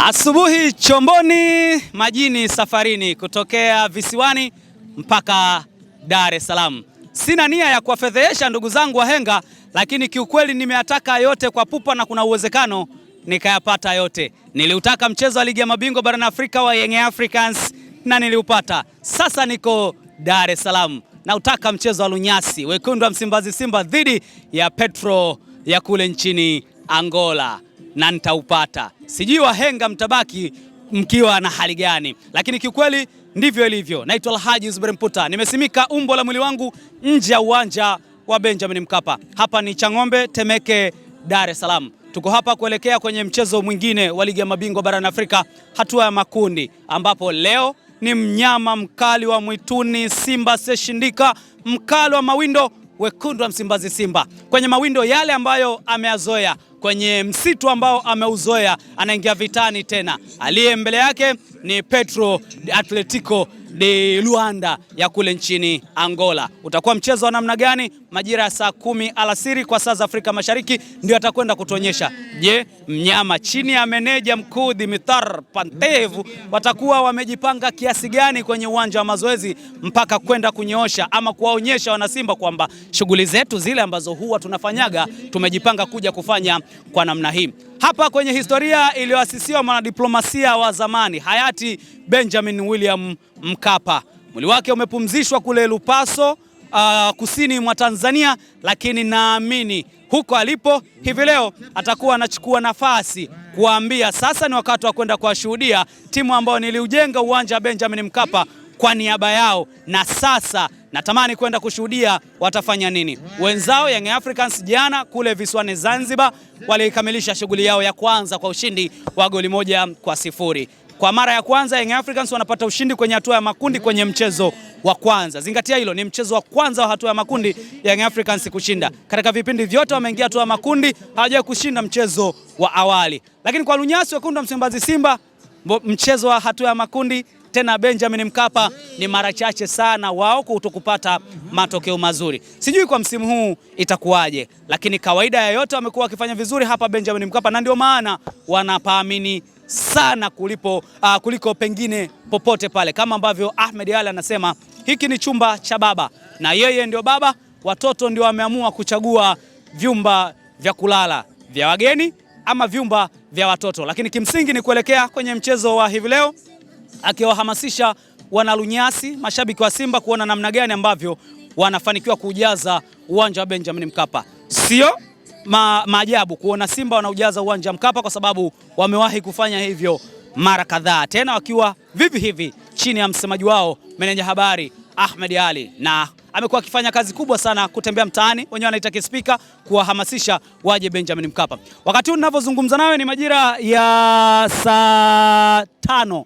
Asubuhi chomboni, majini safarini, kutokea visiwani mpaka Dar es Salaam. Sina nia ya kuwafedhehesha ndugu zangu wahenga, lakini kiukweli nimeyataka yote kwa pupa na kuna uwezekano nikayapata yote. Niliutaka mchezo wa ligi ya mabingwa barani Afrika wa Young Africans na niliupata. Sasa niko Dar es Salaam, nautaka mchezo wa lunyasi wekundu wa Msimbazi Simba dhidi ya Petro ya kule nchini Angola na nitaupata. Sijui wahenga mtabaki mkiwa na hali gani, lakini kiukweli ndivyo ilivyo. Naitwa Alhaji Zuberi Mputa, nimesimika umbo la mwili wangu nje ya uwanja wa Benjamin Mkapa. Hapa ni Chang'ombe, Temeke, Dar es Salaam. Tuko hapa kuelekea kwenye mchezo mwingine wa ligi ya mabingwa barani Afrika, hatua ya makundi, ambapo leo ni mnyama mkali wa mwituni Simba Seshindika, mkali wa mawindo wekundu wa Msimbazi Simba, kwenye mawindo yale ambayo ameyazoea kwenye msitu ambao ameuzoea, anaingia vitani tena. Aliye mbele yake ni Petro de Atletico de Luanda ya kule nchini Angola. Utakuwa mchezo wa namna gani? Majira ya saa kumi alasiri kwa saa za Afrika Mashariki ndio atakwenda kutuonyesha. Je, mnyama chini ya meneja mkuu Dimitar Pantevu watakuwa wamejipanga kiasi gani kwenye uwanja wa mazoezi mpaka kwenda kunyoosha ama kuwaonyesha wanasimba kwamba shughuli zetu zile ambazo huwa tunafanyaga tumejipanga kuja kufanya kwa namna hii. Hapa kwenye historia iliyoasisiwa mwanadiplomasia wa zamani hayati Benjamin William Mkapa. Mwili wake umepumzishwa kule Lupaso, uh, kusini mwa Tanzania, lakini naamini huko alipo hivi leo atakuwa anachukua nafasi kuambia sasa ni wakati wa kwenda kuwashuhudia timu ambayo niliujenga uwanja wa Benjamin Mkapa kwa niaba yao, na sasa natamani kwenda kushuhudia watafanya nini. Wenzao Young Africans jana kule visiwani Zanzibar walikamilisha shughuli yao ya kwanza kwa ushindi wa goli moja kwa sifuri. Kwa mara ya kwanza Young Africans wanapata ushindi kwenye hatua ya makundi kwenye mchezo wa kwanza. Zingatia hilo, ni mchezo wa kwanza wa hatua ya makundi Young Africans kushinda. Katika vipindi vyote wameingia hatua ya makundi, hawajawahi kushinda mchezo wa awali. Lakini kwa lunyasi wekundu wa Msimbazi Simba, mchezo wa hatua ya makundi tena Benjamin Mkapa ni mara chache sana wao kutokupata matokeo mazuri. Sijui kwa msimu huu itakuwaje, lakini kawaida ya yote wamekuwa wakifanya vizuri hapa Benjamin Mkapa na ndio maana wanapaamini sana kulipo, uh, kuliko pengine popote pale, kama ambavyo Ahmed Ally anasema hiki ni chumba cha baba na yeye ndio baba, watoto ndio wameamua kuchagua vyumba vya kulala vya wageni ama vyumba vya watoto, lakini kimsingi ni kuelekea kwenye mchezo wa hivi leo akiwahamasisha wanalunyasi mashabiki wa Simba kuona namna gani ambavyo wanafanikiwa kuujaza uwanja wa Benjamin Mkapa. Sio ma, maajabu kuona Simba wanaujaza uwanja Mkapa kwa sababu wamewahi kufanya hivyo mara kadhaa, tena wakiwa vivi hivi chini ya msemaji wao meneja habari Ahmed Ali, na amekuwa akifanya kazi kubwa sana kutembea mtaani, wenyewe wanaita kispika, kuwahamasisha waje Benjamin Mkapa. Wakati huu ninavyozungumza nayo ni majira ya saa tano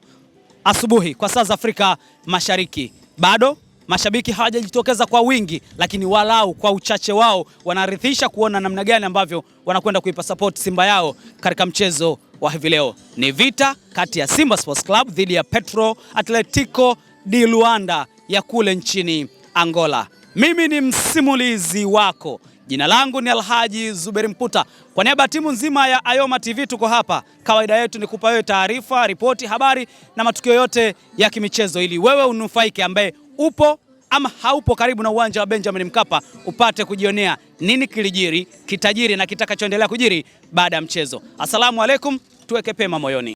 asubuhi kwa saa za Afrika Mashariki. Bado mashabiki hawajajitokeza kwa wingi, lakini walau kwa uchache wao wanaridhisha kuona namna gani ambavyo wanakwenda kuipa support Simba yao katika mchezo wa hivi leo. Ni vita kati ya Simba Sports Club dhidi ya Petro Atletico di Luanda ya kule nchini Angola. Mimi ni msimulizi wako Jina langu ni Alhaji Zuberi mputa Kwa niaba ya timu nzima ya Ayoma TV tuko hapa. Kawaida yetu ni kupa wewe taarifa, ripoti, habari na matukio yote ya kimichezo ili wewe unufaike ambaye upo ama haupo karibu na uwanja wa Benjamin Mkapa upate kujionea nini kilijiri, kitajiri na kitakachoendelea kujiri baada ya mchezo. Asalamu alaikum, tuweke pema moyoni.